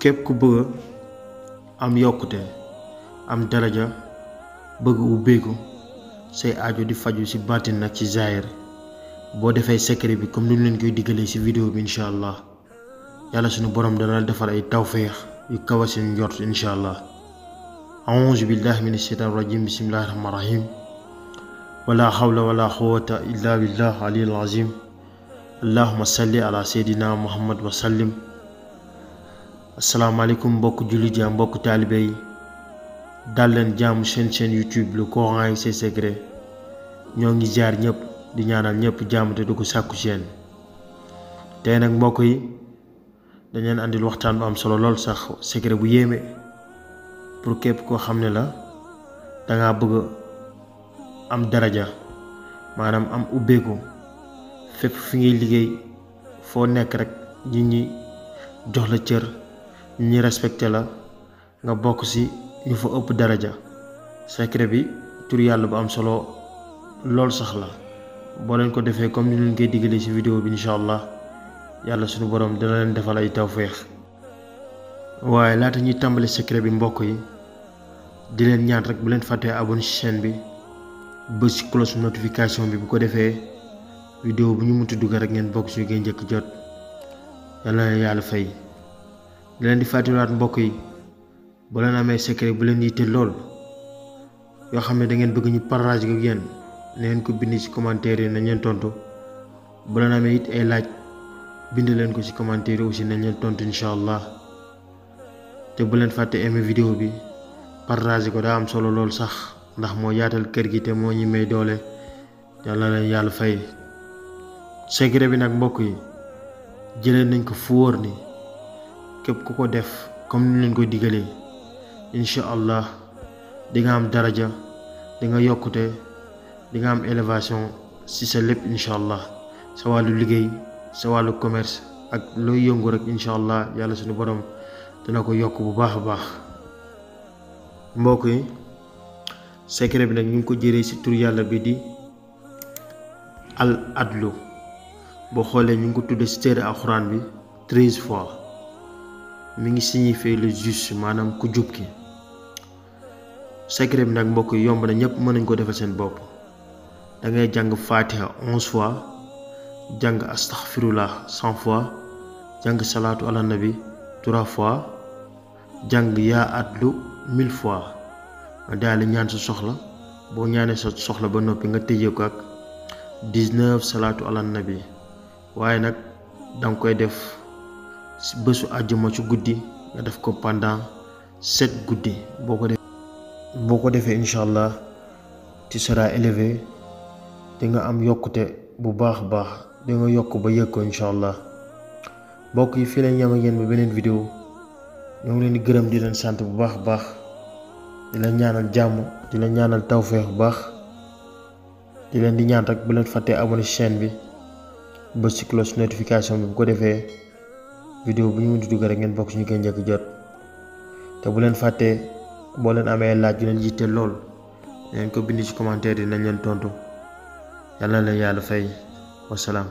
képp ku bëgg am yokkute am daraja bëgg ubbeeku say aajo di faju ci baatin nag ci zaahir boo defee secret bi comme ni ñu leen koy diggalee ci vidéo bi incha allah yàlla suñu borom dana defar ay tawféex yu kaw a seen njort incha allah auzu billahi min asheytaan rajim bismillahi rahmaan rahim wala xawla wala quwata illa billah aliyul azim allahuma salli ala seydina muhammad wa sallim Assalamualaikum mbokk julli ja mbokk taalibe yi dal len jàmm sen sen youtube le Coran et ses secrets ñoo ngi jaar ñep di ñaanal ñep jàmm te duggu sakku sen tay nak yi dañ leen andil waxtaan bu am solo lol sax secret bu yeme pour kep ko xam la da nga bëgg am daraja manam am ubbeeku fépp fi ngay liggéey fo nek rek nit ñi jox la cër ñi respecté la nga bokk si ñu fa ëpp daraja secret bi tur yàlla bu am solo lool sax la boo leen ko defee comme ñu leen koy diggalee si vidéo bi incha allah yàlla suñu borom dana leen defal ay tawfeex waaye laata ñuy tàmbali secret bi mbokk yi di leen ñaan rek bu leen fàttee abonné si chaîne bi ba si close notification bi bu ko defee vidéo bu ñu mënti dugg rek ngeen bokk si ngeen njëkk jot yàlla yàlla fay di leen di fàttaliwaat mbokk yi ba leen amee secret bu leen yitte lool yoo xam ne da ngeen bëgg ñu partage ko yéen na ngeen ko bind ci commentaire yi nañ leen tontu bu leen amee it ay laaj bind leen ko ci commentaire yi aussi nañ leen tontu incha allah te bu leen fàtte aimé vidéo bi partage ko daa am solo lool sax ndax moo yaatal kër gi te moo ñu may doole yàlla na leen yàlla fay secret bi nag mbokk yi jëlee nañ ko fu wóor ni képp ku ko def comme ni leen ko digalee incha allah di nga am daraja di nga yokkute di nga am élévation ci sa lépp incha allah sa wàllu liggéey sa wàllu commerce ak looy yëngu rek incha allah yàlla suñu borom dina ko yokk bu baax a baax mbokk yi secret bi nag ñu ngi ko jëree ci tur yàlla bi di al adlu boo xoolee ñu ngi ko tuddee ci téere alxuraan bi treize fois mi ngi signifier le juste manam ku djub ki secret bi nag mbokk yi yomb na ñep mën nañ ko defal sen bop da ngay jang fatiha 11 fois jang astaghfirullah 100 fois jang salatu ala nabi 3 fois jang ya adlu 1000 fois nga daal ñaan sa soxla bo ñaané sa soxla ba nopi nga tejé ko ak 19 salatu ala nabi waye nak dang koy def si bésu àjjuma ci guddi nga def ko pendant sept guddi boko def boko defé inshallah defee incha tu seras élevé di nga am yokuté bu baax baax di nga yok ba yëg inshallah bokk yi fi la ñam ak yeen ba benen vidéo ñu ngi leen di gërëm di leen sant bu baax baax di leen ñaanal jàmm di leen ñaanal tawféex bu baax di leen di ñaan rek bu leen fàttee abonné chaîne bi ba ci cloche notification bi bu ko defee Video bu ñu mujj dugg rek ngeen bokk suñu koy njëkk jot te bu leen fàtte boo leen amee laaj yu leen jiite lool ngeen ko bind ci commentaire yi nañ leen tontu yàlla na ya leen yàlla fay wasalaam